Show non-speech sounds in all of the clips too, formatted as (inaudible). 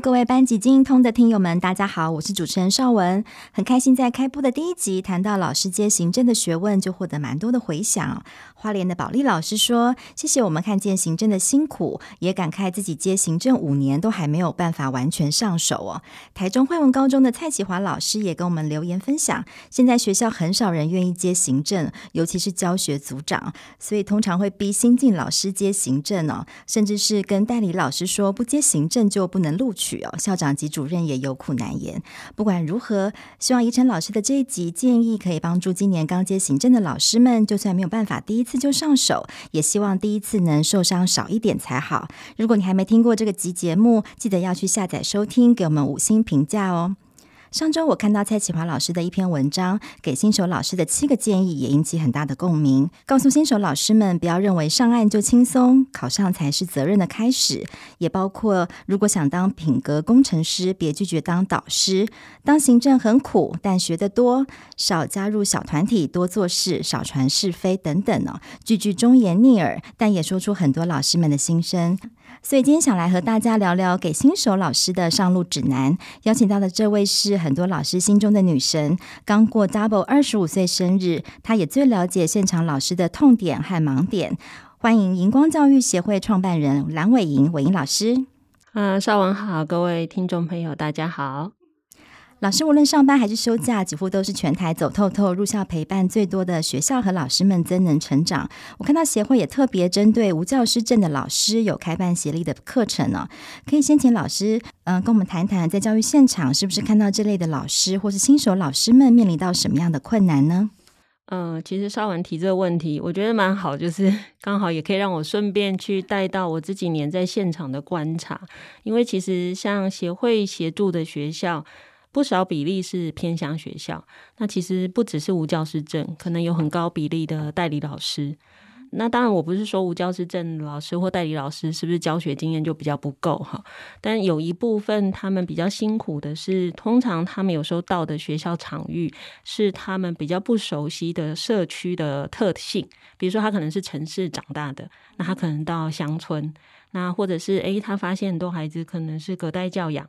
各位班級經營通的聽友們，大家好，我是主持人紹雯，很開心在開播的第一集談到老師接行政的學問，就獲得蠻多的迴響。花蓮的寶麗老師說：“謝謝我們看見行政的辛苦，也感慨自己接行政五年都還沒有辦法完全上手哦。”台中惠文高中的蔡啟華老師也跟我們留言分享：“現在學校很少人願意接行政，尤其是教學組長，所以通常會逼新進老師接行政哦，甚至是跟代理老師說不接行政就不能錄取。”哦，校長及主任也有苦難言。不管如何，希望怡晨老師的這一集建議可以幫助今年剛接行政的老師們。就算沒有辦法第一次就上手，也希望第一次能受傷少一點才好。如果你還沒聽過這個集節目，記得要去下載收聽，給我們五星評價哦。上周我看到蔡啟華老師的一篇文章《給新手老師的七個建議》，也引起很大的共鳴。告訴新手老師們，不要認為上岸就輕鬆，考上才是責任的開始。也包括，如果想當品格工程師，別拒絕當導師；當行政很苦，但學得多；少加入小團體，多做事，少傳是非等等哦。句句忠言逆耳，但也說出很多老師們的心聲。所以今天想來和大家聊聊給新手老師的上路指南。邀請到的這位是很多老師心中的女神，剛過 double 二十五歲生日，她也最了解現場老師的痛點和盲點。歡迎瑩光教育協會創辦人藍偉瑩、偉瑩老師。嗯、啊，紹雯好，各位聽眾朋友，大家好。老師無論上班還是休假，幾乎都是全台走透透。入校陪伴最多的學校和老師們，真能成長。我看到協會也特別針對無教師證的老師有開辦協力的課程呢？哦。可以先請老師，嗯、呃，跟我們談談，在教育現場是不是看到這類的老師或是新手老師們面臨到什麼樣的困難呢？嗯、呃，其實紹雯提這個問題，我覺得蠻好，就是剛好也可以讓我順便去帶到我這幾年在現場的觀察。因為其實像協會協助的學校。不少比例是偏鄉學校，那其實不只是無教師證，可能有很高比例的代理老師。那當然，我不是說無教師證老師或代理老師是不是教學經驗就比較不夠哈，但有一部分他們比較辛苦的是，通常他們有時候到的學校場域是他們比較不熟悉的社區的特性，比如說他可能是城市長大的，那他可能到鄉村，那或者是誒，他發現很多孩子可能是隔代教養。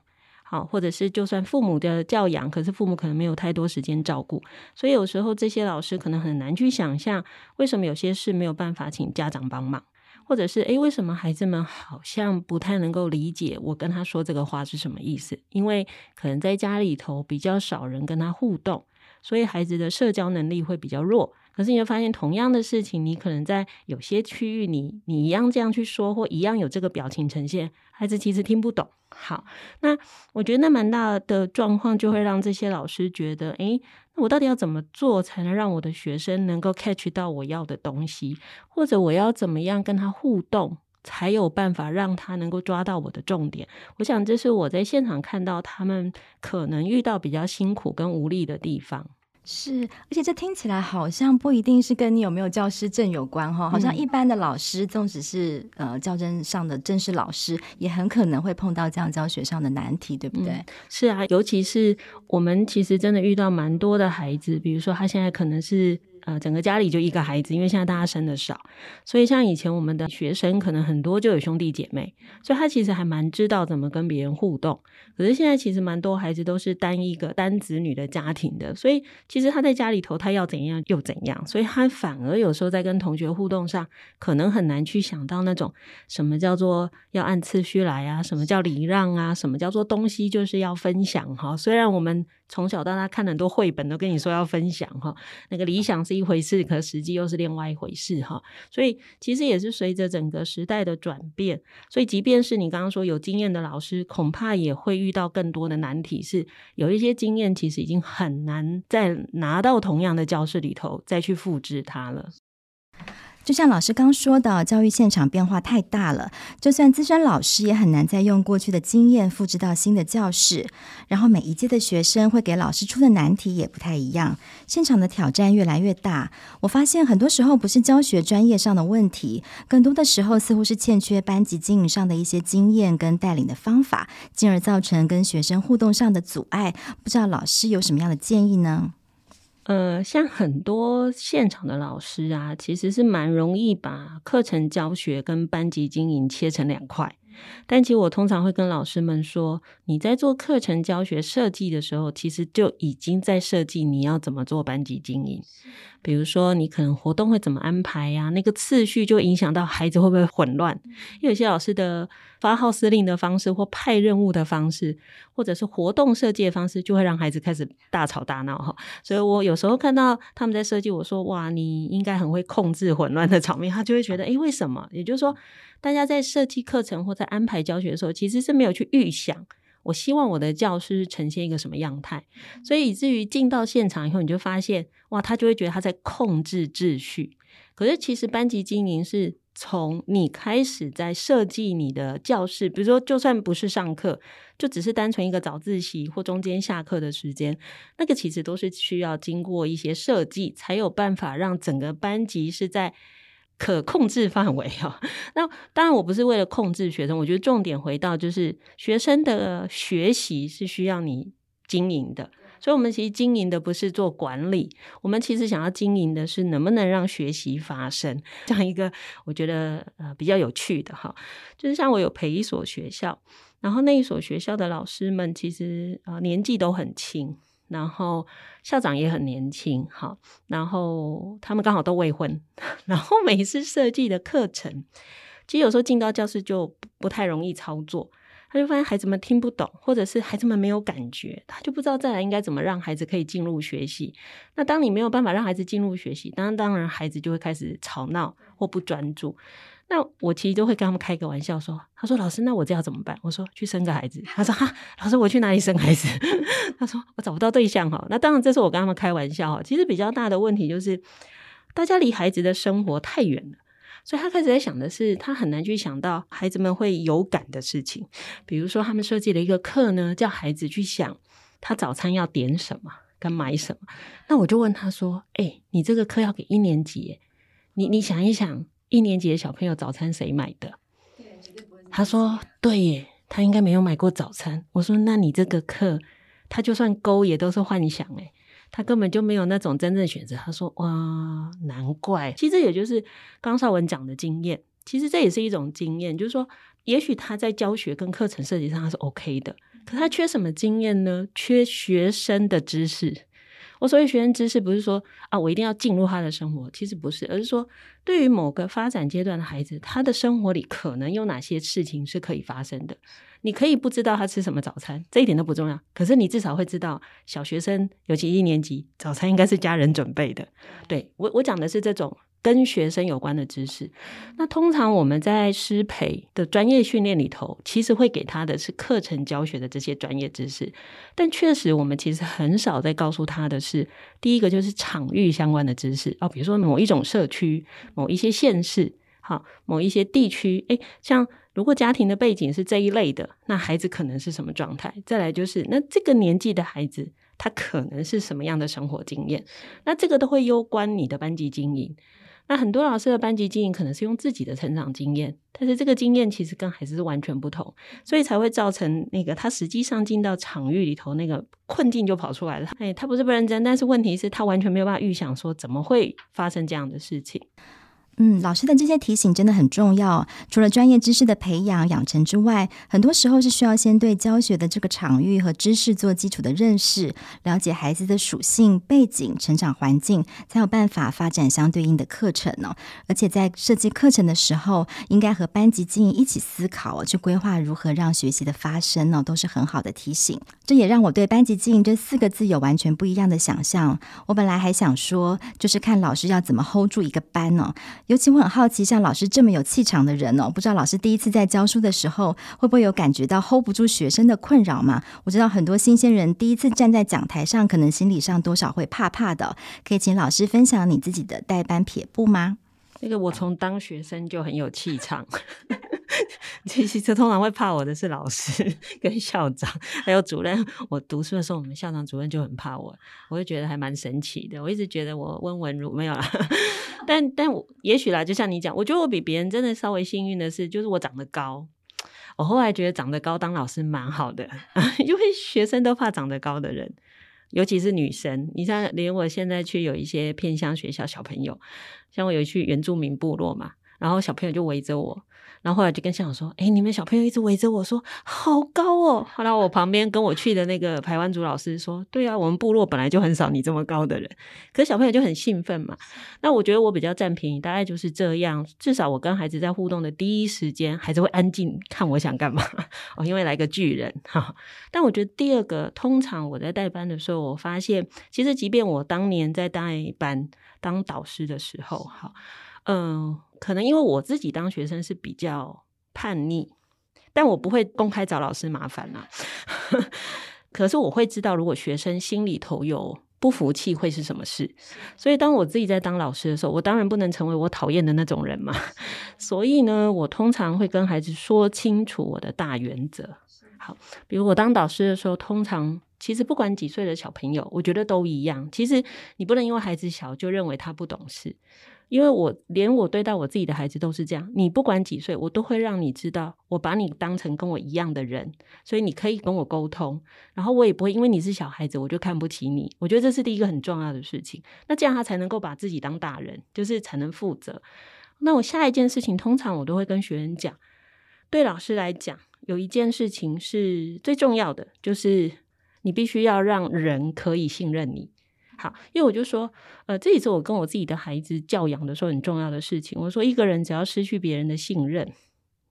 好，或者是就算父母的教養，可是父母可能沒有太多時間照顧，所以有時候這些老師可能很難去想象，為什麼有些事沒有辦法請家長幫忙，或者是誒，為什麼孩子們好像不太能夠理解我跟他說這個話是什麼意思？因為可能在家裡頭比較少人跟他互動，所以孩子的社交能力會比較弱。可是你會發現，同樣的事情，你可能在有些區域你，你你一樣這樣去說，或一樣有這個表情呈現，孩子其實聽不懂。好，那我覺得那蠻大的狀況，就會讓這些老師覺得，誒，我到底要怎麼做，才能讓我的學生能夠 catch 到我要的東西，或者我要怎麼樣跟他互動，才有辦法讓他能夠抓到我的重點？我想這是我在現場看到他們可能遇到比較辛苦跟無力的地方。是，而且這聽起來好像不一定是跟你有沒有教師證有關哈、哦，嗯、好像一般的老師，縱使是呃教甄上的正式老師，也很可能會碰到這樣教學上的難題，對不對、嗯？是啊，尤其是我們其實真的遇到蠻多的孩子，比如說他現在可能是。呃，整個家裡就一個孩子，因為現在大家生的少，所以像以前我們的學生可能很多就有兄弟姐妹，所以他其實還蠻知道怎麼跟別人互動。可是現在其實蠻多孩子都是單一個單子女的家庭的，所以其實他在家裡頭他要怎樣又怎樣，所以他反而有時候在跟同學互動上，可能很難去想到那種什麼叫做要按次序來啊，什麼叫禮讓啊，什麼叫做東西就是要分享哈。雖然我們。從小到大看很多繪本都跟你說要分享哈，那個理想是一回事，可實際又是另外一回事哈。所以其實也是隨着整個時代的轉變，所以即便是你剛剛說有經驗的老師，恐怕也會遇到更多的難題，是有一些經驗其實已經很難再拿到同樣的教室裡頭再去複製它了。就像老師剛說的，教育現場變化太大了，就算資深老師也很難再用過去的經驗複製到新的教室。然後每一屆的學生會給老師出的難題也不太一樣，現場的挑戰越來越大。我發現很多時候不是教學專業上的問題，更多的時候似乎是欠缺班級經營上的一些經驗跟帶領的方法，進而造成跟學生互動上的阻礙。不知道老師有什麼樣的建議呢？呃，像很多現場的老師啊，其實是蠻容易把課程教學跟班級經營切成兩塊。但其實我通常會跟老師們說，你在做課程教學設計的時候，其實就已經在設計你要怎麼做班級經營。比如說，你可能活動會怎麼安排呀、啊，那個次序就影響到孩子會不會混亂？因為有些老師的，發號施令的方式，或派任務的方式，或者是活動設計的方式，就會讓孩子開始大吵大鬧哈。所以我有時候看到他們在設計，我說：“哇，你應該很會控制混亂的場面。”他就會覺得：“誒，為什麼？”也就是說，大家在設計課程或在安排教學的時候，其實是沒有去預想，我希望我的教師呈現一個什麼樣態，所以以至於進到現場以後，你就發現，哇，他就會覺得他在控制秩序。可是其實班級經營是。從你開始在設計你的教室，比如說，就算不是上課，就只是單純一個早自習或中間下課的時間，那個其實都是需要經過一些設計，才有辦法讓整個班級是在可控制範圍哦，那當然，我不是為了控制學生，我覺得重點回到就是學生的學習是需要你經營的。所以，我們其實經營的不是做管理，我們其實想要經營的是能不能讓學習發生，這樣一個我覺得比較有趣的哈，就是像我有陪一所學校，然後那一所學校的老師們其實年紀都很輕，然後校長也很年輕，哈，然後他們剛好都未婚，然後每次設計的課程，其實有時候進到教室就不太容易操作。他就發現孩子們聽不懂，或者是孩子們沒有感覺，他就不知道再來應該怎麼讓孩子可以進入學習。那當你沒有辦法讓孩子進入學習，那當然孩子就會開始吵鬧或不專注。那我其實都會跟他們開個玩笑說：“他說老師，那我這樣怎麼辦？”我說：“去生個孩子。”他說：“哈，老師，我去哪裡生孩子？” (laughs) 他說：“我找不到對象哈。”那當然這是我跟他們開玩笑哈。其實比較大的問題就是，大家離孩子的生活太遠了。所以他開始在想的是，他很難去想到孩子們會有感的事情。比如說，他們設計了一個課呢，叫孩子去想他早餐要點什麼跟買什麼。那我就問他說：“哎、欸，你這個課要給一年級，你你想一想，一年級的小朋友早餐誰買的？”啊、他說：“對耶，他應該沒有買過早餐。”我說：“那你這個課，他就算勾也都是幻想哎。”他根本就沒有那種真正選擇。他說：“哇，難怪！其實也就是剛紹雯講的經驗，其實這也是一種經驗，就是說，也許他在教學跟課程設計上他是 OK 的，可他缺什麼經驗呢？缺學生的知識。我所謂學生知識，不是說啊，我一定要進入他的生活，其實不是，而是說。”對於某個發展階段的孩子，他的生活裡可能有哪些事情是可以發生的？你可以不知道他吃什麼早餐，這一點都不重要。可是你至少會知道，小學生尤其一年級，早餐應該是家人準備的。嗯、對，我，我講的是這種跟學生有關的知識。那通常我們在師培的專業訓練裡頭，其實會給他的是課程教學的這些專業知識。但確實，我們其實很少在告訴他的是：第一個就是場域相關的知識哦，比如說某一種社區。某一些縣市，好，某一些地區，欸，像如果家庭的背景是這一類的，那孩子可能是什麼狀態？再來就是，那這個年紀的孩子，他可能是什麼樣的生活經驗？那這個都會攸關你的班級經營。那很多老師的班級經營可能是用自己的成長經驗，但是這個經驗其實跟孩子是完全不同，所以才會造成那個他實際上進到場域裡頭，那個困境就跑出來了，欸，他不是不認真，但是問題是，他完全沒有辦法預想說怎麼會發生這樣的事情。嗯，老師的這些提醒真的很重要。除了專業知識的培養養成之外，很多時候是需要先對教學的這個場域和知識做基礎的認識，了解孩子的屬性、背景、成長環境，才有辦法發展相對應的課程呢。而且在設計課程的時候，應該和班級經營一起思考，去規劃如何讓學習的發生呢，都是很好的提醒。這也讓我對班級經營這四個字有完全不一樣的想象。我本來還想說，就是看老師要怎麼 hold 住一個班呢？尤其我很好奇，像老師這麼有氣場的人哦，不知道老師第一次在教書的時候，會不會有感覺到 hold 不住學生的困擾嗎？我知道很多新鮮人第一次站在講台上，可能心理上多少會怕怕的哦。可以請老師分享你自己的帶班撇步嗎？那個我從當學生就很有氣場，其實通常會怕我的是老師跟校長，還有主任。我讀書的時候，我們校長、主任就很怕我，我就覺得還蠻神奇的。我一直覺得我溫文儒，沒有啦。但但也許啦，就像你講，我覺得我比別人真的稍微幸運的是，就是我長得高。我後來覺得長得高當老師蠻好的，因為學生都怕長得高的人。尤其是女生，你像連我現在去有一些偏鄉學校，小朋友，像我有一去原住民部落嘛，然後小朋友就圍着我。然後後來就跟校長說：“哎，你們小朋友一直圍着我說好高哦。”後來我旁邊跟我去的那個排灣族老師說：“對啊，我們部落本來就很少你這麼高的人。”可是小朋友就很興奮嘛。那我覺得我比較佔便宜，大概就是這樣。至少我跟孩子在互動的第一時間還是會安靜看我想幹嘛哦，因為來個巨人哈。但我覺得第二個，通常我在帶班的時候，我發現其實即便我當年在帶班當導師的時候，嗯。呃可能因為我自己當學生是比較叛逆，但我不會公開找老師麻煩啦。 (laughs) 可是我會知道，如果學生心裡頭有不服氣，會是什麼事。所以當我自己在當老師的時候，我當然不能成為我討厭的那種人嘛。 (laughs) 所以呢，我通常會跟孩子說清楚我的大原則。好，比如我當導師的時候，通常其實不管幾歲的小朋友，我覺得都一樣。其實你不能因為孩子小就認為他不懂事。因為我連我對待我自己的孩子都是這樣，你不管幾歲，我都會讓你知道，我把你當成跟我一樣的人，所以你可以跟我溝通，然後我也不會因為你是小孩子，我就看不起你。我覺得這是第一個很重要的事情，那這樣他才能夠把自己當大人，就是才能負責。那我下一件事情，通常我都會跟學生講，對老師來講，有一件事情是最重要的，就是你必須要讓人可以信任你。好，因為我就說，呃，這一次我跟我自己的孩子教養的時候很重要的事情，我說一個人只要失去別人的信任，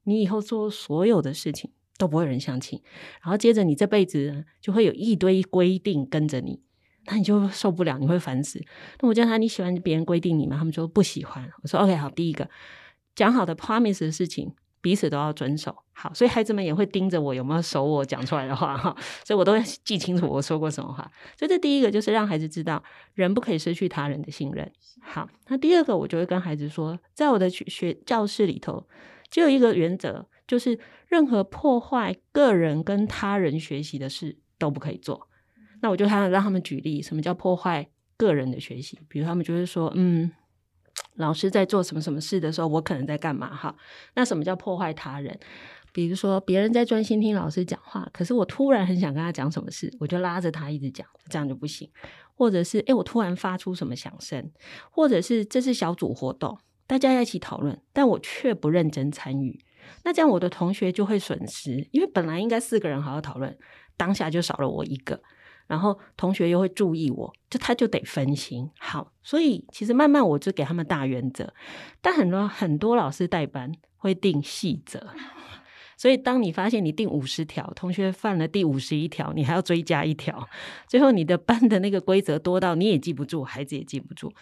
你以後做所有的事情都不會有人相信，然後接着你這輩子呢就會有一堆規定跟着你，那你就受不了，你會煩死。那我叫他，你喜歡別人規定你嗎？他們說不喜歡。我說 OK，好，第一個講好的 Promise 的事情。彼此都要遵守，好，所以孩子們也會盯着我有沒有守我講出來的話哈， (laughs) 所以我都會記清楚我說過什麼話。所以這第一個就是讓孩子知道，人不可以失去他人的信任。好，那第二個我就會跟孩子說，在我的學，學教室裡頭，只有一個原則，就是任何破壞個人跟他人學習的事都不可以做。那我就還讓他們舉例，什麼叫破壞個人的學習？比如他們就會說，嗯。老師在做什麼什麼事的時候，我可能在幹嘛哈？那什麼叫破壞他人？比如說，別人在專心聽老師講話，可是我突然很想跟他講什麼事，我就拉着他一直講，這樣就不行。或者是，誒、欸，我突然發出什麼響聲，或者是這是小組活動，大家在一起討論，但我卻不認真參與，那這樣我的同學就會損失，因為本來應該四個人好好討論，當下就少了我一個。然後同學又會注意我，就他就得分心。好，所以其實慢慢我就給他們大原則，但很多很多老師帶班會定細則。所以當你發現你定五十條，同學犯了第五十一條，你還要追加一條，最後你的班的那個規則多到你也記不住，孩子也記不住。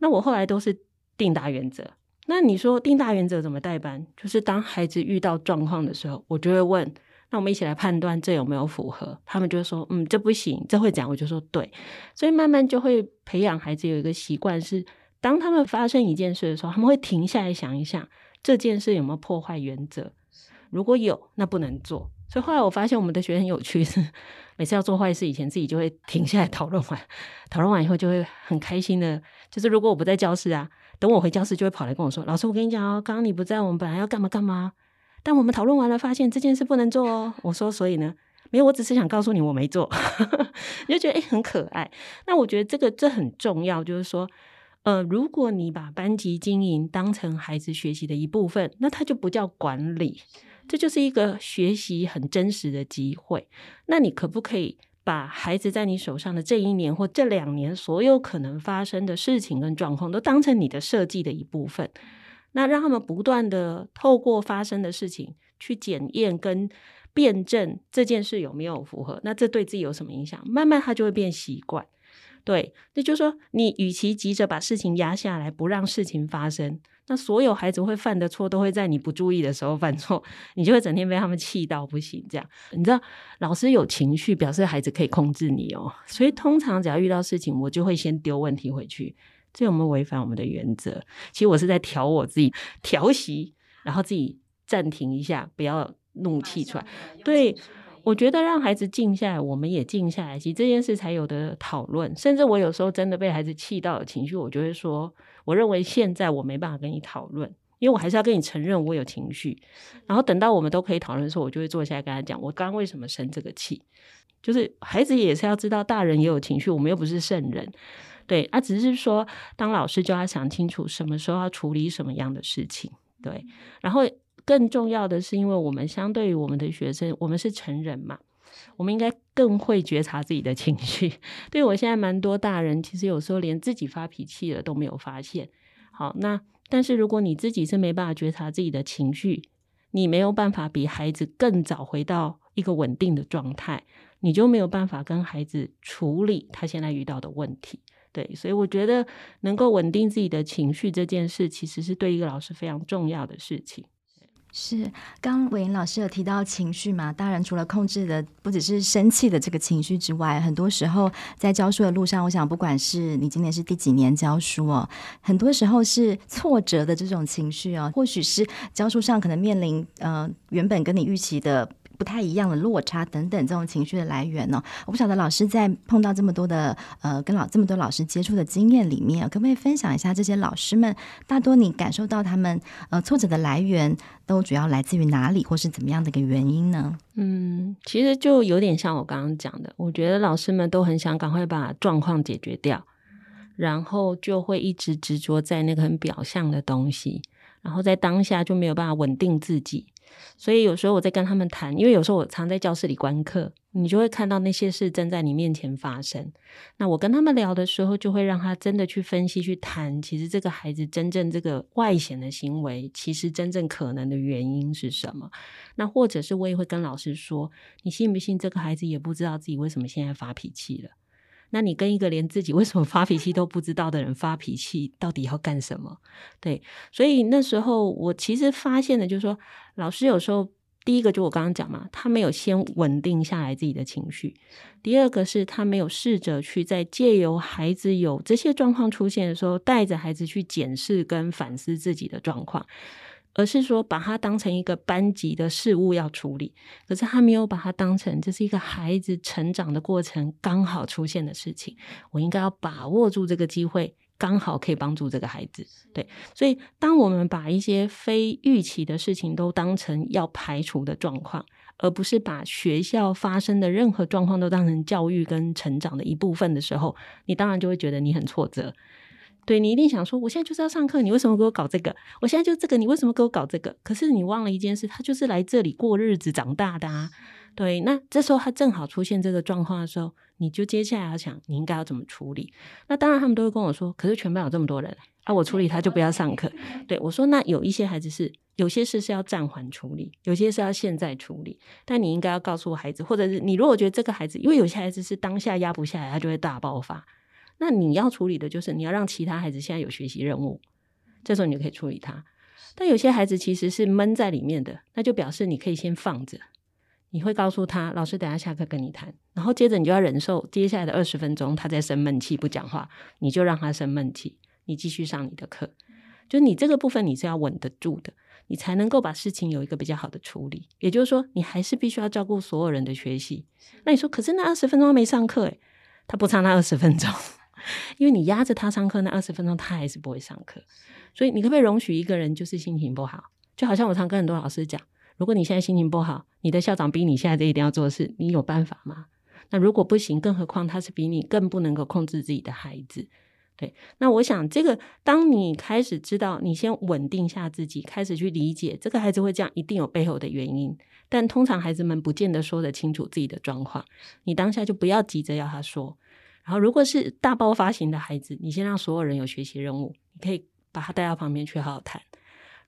那我後來都是定大原則。那你說定大原則怎麼帶班？就是當孩子遇到狀況的時候，我就會問。那我們一起來判斷這有沒有符合？他們就說：“嗯，這不行，這會講。”我就說：“對。”所以慢慢就會培養孩子有一個習慣是，是當他們發生一件事的時候，他們會停下來想一想這件事有沒有破壞原則。如果有，那不能做。所以後來我發現我們的學生很有趣，每次要做壞事以前，自己就會停下來討論完，討論完以後就會很開心的。就是如果我不在教室啊，等我回教室就會跑來跟我說：“老師，我跟你講哦，剛剛你不在，我們本來要幹嘛幹嘛。”但我們討論完了，發現這件事不能做哦。我說，所以呢，沒有，我只是想告訴你我沒做，你 (laughs) 就覺得誒、欸，很可愛。那我覺得這個這很重要，就是說，呃，如果你把班級經營當成孩子學習的一部分，那它就不叫管理，這就是一個學習很真實的機會。那你可不可以把孩子在你手上的這一年或這兩年所有可能發生的事情跟狀況都當成你的設計的一部分？那讓他們不斷的透過發生的事情去檢驗跟辯證這件事有沒有符合，那這對自己有什麼影響？慢慢他就會變習慣。對，那就是說，你與其急着把事情壓下來，不讓事情發生，那所有孩子會犯的錯都會在你不注意的時候犯錯，你就會整天被他們氣到不行。這樣，你知道，老師有情緒，表示孩子可以控制你哦。所以，通常只要遇到事情，我就會先丟問題回去。這有沒有違反我們的原則？其實我是在調我自己，調息，然後自己暫停一下，不要怒氣出來。對，我覺得讓孩子靜下來，我們也靜下來，其實這件事才有得討論。甚至我有時候真的被孩子氣到有情緒，我就會說：我認為現在我沒辦法跟你討論，因為我還是要跟你承認我有情緒。是的。然後等到我們都可以討論的時候，我就會坐下來跟他講：我剛剛為什麼生這個氣？就是孩子也是要知道，大人也有情緒，我們又不是聖人。對，他、啊、只是說，當老師就要想清楚什麼時候要處理什麼樣的事情。對，然後更重要的是，因為我們相對於我們的學生，我們是成人嘛，我們應該更會覺察自己的情緒。對，我現在蠻多大人，其實有時候連自己發脾氣了都沒有發現。好，那但是如果你自己是沒辦法覺察自己的情緒，你沒有辦法比孩子更早回到一個穩定的狀態，你就沒有辦法跟孩子處理他現在遇到的問題。對，所以我覺得能夠穩定自己的情緒這件事，其實是對一個老師非常重要的事情。是，剛偉瑩老師有提到情緒嘛？當然，除了控制的不只是生氣的這個情緒之外，很多時候在教書的路上，我想，不管是你今年是第幾年教書哦，很多時候是挫折的這種情緒哦，或許是教書上可能面臨呃原本跟你預期的。不太一樣的落差等等，這種情緒的來源呢哦。我不曉得老師在碰到這麼多的呃，跟老這麼多老師接觸的經驗裡面，可不可以分享一下這些老師們大多你感受到他們呃挫折的來源都主要來自於哪裡，或是怎麼樣的一個原因呢？嗯，其實就有點像我剛剛講的，我覺得老師們都很想趕快把狀況解決掉，然後就會一直執着在那個很表象的東西，然後在當下就沒有辦法穩定自己。所以有時候我在跟他們談，因為有時候我常在教室裡觀課，你就會看到那些事正在你面前發生。那我跟他們聊的時候，就會讓他真的去分析、去談，其實這個孩子真正這個外顯的行為，其實真正可能的原因是什麼？那或者是我也會跟老師說，你信不信這個孩子也不知道自己為什麼現在發脾氣了。那你跟一個連自己為什麼發脾氣都不知道的人發脾氣，到底要幹什麼？對，所以那時候我其實發現的，就是說老師有時候第一個就我剛剛講嘛，他沒有先穩定下來自己的情緒；第二個是他沒有試着去在借由孩子有這些狀況出現的時候，帶着孩子去檢視跟反思自己的狀況。而是說把它當成一個班級的事務要處理，可是他沒有把它當成這是一個孩子成長的過程剛好出現的事情，我應該要把握住這個機會，剛好可以幫助這個孩子。對，所以當我們把一些非預期的事情都當成要排除的狀況，而不是把學校發生的任何狀況都當成教育跟成長的一部分的時候，你當然就會覺得你很挫折。對你一定想說，我現在就是要上課，你為什麼給我搞這個？我現在就這個，你為什麼給我搞這個？可是你忘了一件事，他就是來這裡過日子長大的啊。對，那這時候他正好出現這個狀況的時候，你就接下來要想，你應該要怎麼處理？那當然，他們都會跟我說，可是全班有這麼多人，啊，我處理他就不要上課。對我說，那有一些孩子是，有些事是要暫緩處理，有些事要現在處理。但你應該要告訴我孩子，或者是你如果覺得這個孩子，因為有些孩子是當下壓不下來，他就會大爆發。那你要處理的就是你要讓其他孩子現在有學習任務，這時候你就可以處理他。但有些孩子其實是悶在裡面的，那就表示你可以先放着。你會告訴他：“老師，等下下課跟你談。”然後接着你就要忍受接下來的二十分鐘他在生悶氣不講話，你就讓他生悶氣，你繼續上你的課。就你這個部分你是要穩得住的，你才能夠把事情有一個比較好的處理。也就是說，你還是必須要照顧所有人的學習。那你說，可是那二十分鐘他沒上課誒、欸，他不差那二十分鐘。因為你壓着他上課那二十分鐘，他還是不會上課。所以你可不可以容許一個人就是心情不好？就好像我常跟很多老師講，如果你現在心情不好，你的校長逼你現在這一定要做事，你有辦法嗎？那如果不行，更何況他是比你更不能夠控制自己的孩子。對，那我想這個，當你開始知道，你先穩定下自己，開始去理解這個孩子會這樣，一定有背後的原因。但通常孩子們不見得說得清楚自己的狀況，你當下就不要急着要他說。然後，如果是大爆發型的孩子，你先讓所有人有學習任務，你可以把他帶到旁邊去好好談。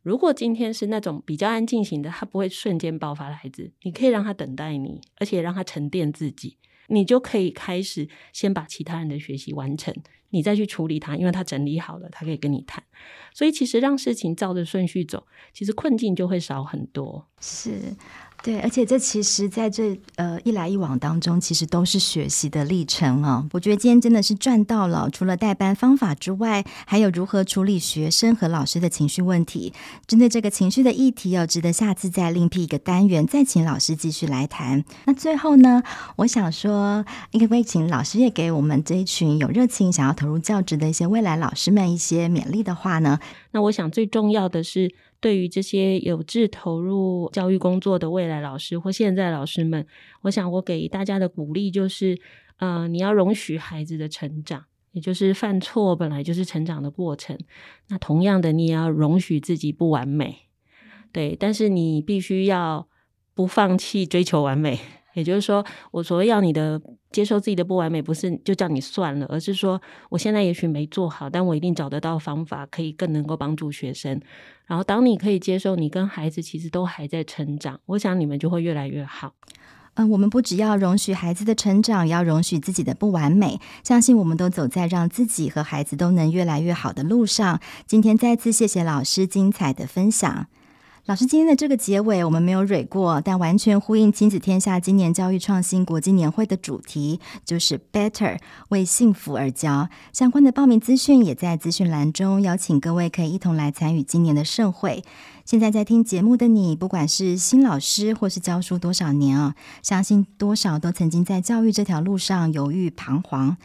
如果今天是那種比較安靜型的，他不會瞬間爆發的孩子，你可以讓他等待你，而且讓他沉澱自己，你就可以開始先把其他人的學習完成，你再去處理他，因為他整理好了，他可以跟你談。所以，其實讓事情照着順序走，其實困境就會少很多。是。對，而且這其實在這呃一來一往當中，其實都是學習的歷程哦。我覺得今天真的是賺到了，除了代班方法之外，還有如何處理學生和老師的情緒問題。針對這個情緒的議題要，哦，值得下次再另闢一個單元，再請老師繼續來談。那最後呢，我想說，應該會請老師也給我們這一群有熱情想要投入教職的一些未來老師們一些勉勵的話呢，那我想最重要的是。對於這些有志投入教育工作的未來老師或現在老師們，我想我給大家的鼓勵就是：嗯、呃，你要容許孩子的成長，也就是犯錯本來就是成長的過程。那同樣的，你也要容許自己不完美，對。但是你必須要不放棄追求完美。也就是說，我所謂要你的。接受自己的不完美，不是就叫你算了，而是說，我現在也許沒做好，但我一定找得到方法，可以更能夠幫助學生。然後，當你可以接受，你跟孩子其實都還在成長，我想你們就會越來越好。嗯，我們不只要容許孩子的成長，也要容許自己的不完美，相信我們都走在讓自己和孩子都能越來越好的路上。今天再次謝謝老師精彩的分享。老師今天的這個結尾我們沒有蕊過，但完全呼應親子天下今年教育創新國際年會的主題，就是 Better，為幸福而教。相關的報名資訊也在資訊欄中，邀請各位可以一同來參與今年的盛會。現在在聽節目的你，不管是新老師或是教書多少年啊，相信多少都曾經在教育這條路上猶豫彷徨。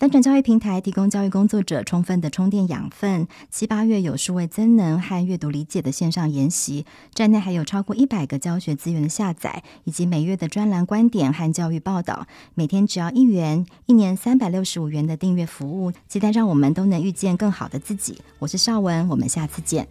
翻轉教育平台提供教育工作者充分的充電養分，七八月有數位增能和閱讀理解的線上研習，站內還有超過一百個教學資源的下載，以及每月的專欄觀點和教育報道。每天只要一元，一年三百六十五元的訂閱服務，期待讓我們都能遇見更好的自己。我是紹雯，我們下次見。